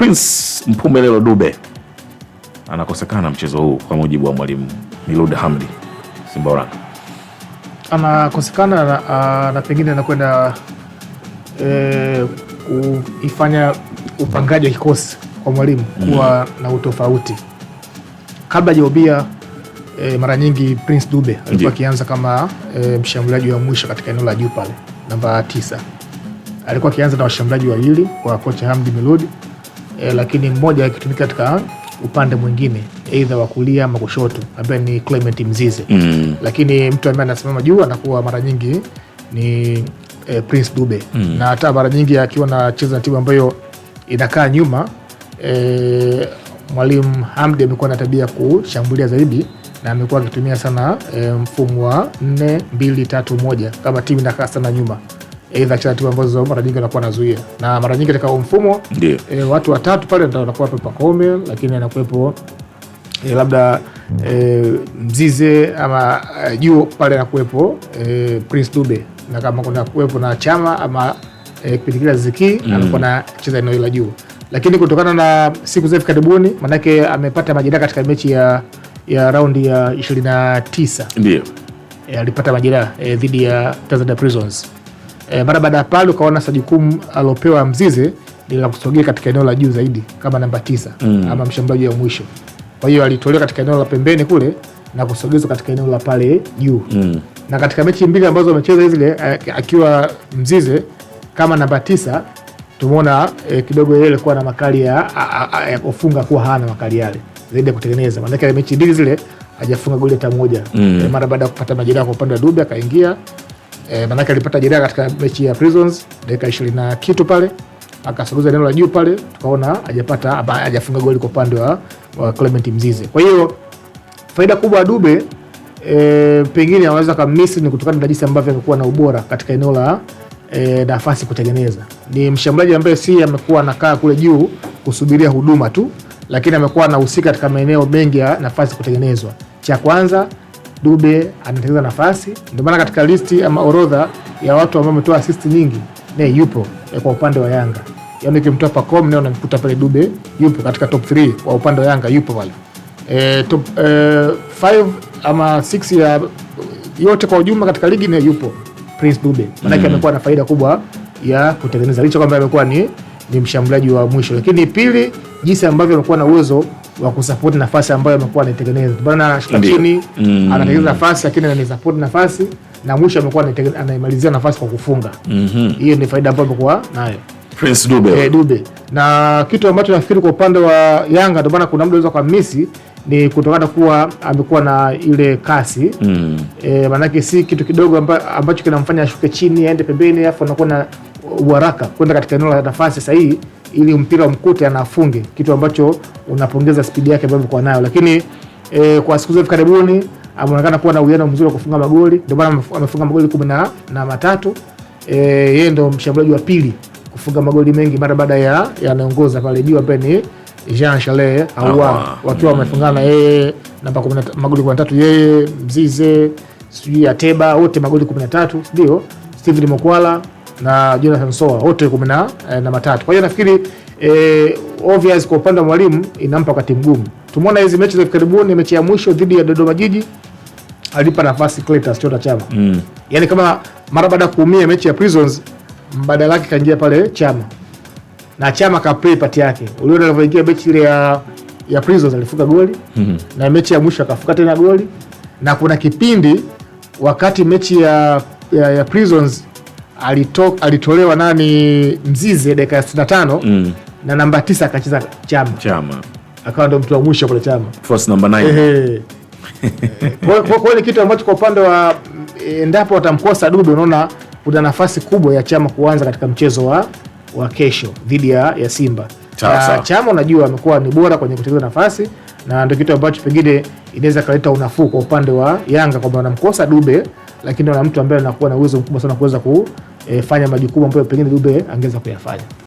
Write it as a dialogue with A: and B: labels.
A: Prince Mpumelelo Dube anakosekana mchezo huu kwa mujibu wa mwalimu Milud Hamdi Simbaoranga.
B: Anakosekana na, ah, na pengine anakwenda e, kuifanya upangaji wa kikosi kwa mwalimu kuwa mm. na utofauti. Kabla hajaubia e, mara nyingi Prince Dube alikuwa akianza kama e, mshambuliaji wa mwisho katika eneo la juu pale namba tisa, alikuwa akianza na washambuliaji wawili kwa kocha Hamdi Milud e, lakini mmoja akitumika katika upande mwingine aidha wa kulia ama kushoto ambaye ni Clement Mzize mm. Lakini mtu ambaye anasimama juu anakuwa mara nyingi ni e, Prince Dube mm. Na hata mara nyingi akiwa nacheza na timu ambayo inakaa nyuma e, Mwalimu Hamdi amekuwa na tabia kushambulia zaidi na amekuwa akitumia sana e, mfumo wa 4 2 3 1 kama timu inakaa sana nyuma aidha cha timu ambazo mara nyingi anakuwa anazuia, na mara nyingi katika mfumo e, watu watatu pale anakuwa wanakuwa Pacome, lakini anakuwepo e, labda e, Mzize ama e, Juo pale anakuwepo e, Prince Dube, na kama kuna kuwepo na Chama ama e, kipindi kile Ziki mm. anakuwa anacheza eneo la juu, lakini kutokana na siku za hivi karibuni, manake amepata majeraha katika mechi ya ya raundi ya 29 ndio e, alipata majeraha e, dhidi ya Tanzania Prisons E, mara baada ya pale ukaona sa jukumu alopewa Mzize lila kusogea katika eneo la juu zaidi kama namba tisa mm. ama mshambuliaji wa mwisho. Kwa hiyo alitolewa katika eneo la pembeni kule na kusogezwa katika eneo la pale juu mm. na katika mechi mbili ambazo amecheza zile akiwa Mzize kama namba tisa tumeona e, kidogo yeye alikuwa na makali ya kufunga kuwa hana makali yale zaidi ya kutengeneza, maanake mechi mbili zile hajafunga goli hata moja mm. e, mara baada ya kupata majeraha kwa upande wa Dube akaingia e, manake alipata jeraha katika mechi ya Prisons dakika ishirini na kitu pale, akasogeza eneo la juu pale, tukaona hajapata hajafunga goli kwa upande wa, wa Clement Mzize. Kwa hiyo faida kubwa ya Dube e, pengine anaweza kamisi ni kutokana na jinsi ambavyo amekuwa na ubora katika eneo la e, nafasi kutengeneza. Ni mshambuliaji ambaye si amekuwa anakaa kule juu kusubiria huduma tu, lakini amekuwa anahusika katika maeneo mengi ya nafasi kutengenezwa. Cha kwanza Dube anatengeneza nafasi, ndio maana katika listi ama orodha ya watu ambao wametoa assist nyingi ne yupo e, kwa upande wa Yanga yaani ukimtoa Pacom ne namkuta pale Dube yupo katika top 3 kwa upande wa Yanga yupo pale e, top 5 e, ama 6 ya yote kwa ujumla katika ligi ne yupo Prince Dube maanake mm. amekuwa na faida kubwa ya kutengeneza licha kwamba amekuwa ni, ni mshambuliaji wa mwisho, lakini pili jinsi ambavyo amekuwa na uwezo wa kusapoti nafasi ambayo amekuwa anaitengeneza. Bwana anashuka chini mm. anatengeneza nafasi lakini anaisapoti nafasi na mwisho amekuwa anaimalizia nafasi kwa kufunga. mm -hmm. Hiyo ni faida ambayo amekuwa nayo Prince Dube. Eh, Dube. Na kitu ambacho nafikiri kwa upande wa Yanga ndio maana kuna muda unaweza kwa misi ni kutokana kuwa amekuwa na ile kasi mm. E, maanake si kitu kidogo amba, ambacho kinamfanya ashuke chini aende pembeni, afu anakuwa na uharaka kwenda katika eneo la nafasi sahihi ili mpira umkute anafunge, kitu ambacho unapongeza spidi yake ambayo alikuwa nayo, lakini e, kwa siku za hivi karibuni ameonekana kuwa na uwiano mzuri wa kufunga magoli, ndio maana amefunga magoli kumi na matatu. E, yeye ndio mshambuliaji wa pili kufunga magoli mengi mara baada ya yanaongoza pale juu ambaye ni Jean Charles Ahoua wakiwa wamefungana yeye namba magoli 13, yeye Mzize, sijui Ateba, wote magoli 13, ndio Steven Mokwala na Jonathan Soa wote kumi eh, na matatu. Kwa hiyo nafikiri eh, obvious kwa upande wa mwalimu inampa wakati mgumu. Tumeona hizi mechi za karibuni, mechi ya mwisho dhidi ya Dodoma Jiji alipa nafasi Cletus Chota Chama mm. Yaani kama mara baada ya kuumia mechi ya Prisons mbadala yake kaingia pale Chama na Chama ka play part yake, uliona alivyoingia mechi ile ya ya Prisons alifunga goli mm -hmm. na mechi ya mwisho akafunga tena goli, na kuna kipindi wakati mechi ya ya, ya Prisons alito, alitolewa nani Mzize dakika ya tano mm. na namba tisa akacheza Chama, Chama akawa ndo mtu wa mwisho kule Chama force number kwa hiyo ni kitu ambacho kwa upande wa endapo watamkosa Dube, unaona kuna nafasi kubwa ya Chama kuanza katika mchezo wa, wa kesho dhidi ya, ya Simba. Na Chama unajua amekuwa ni bora kwenye kutengeneza nafasi na ndio kitu ambacho pengine inaweza kaleta unafuu kwa upande wa Yanga kwamba wanamkosa Dube, lakini wana mtu ambaye anakuwa na uwezo mkubwa sana kuweza ku e, fanya majukumu ambayo pengine Dube angeweza kuyafanya.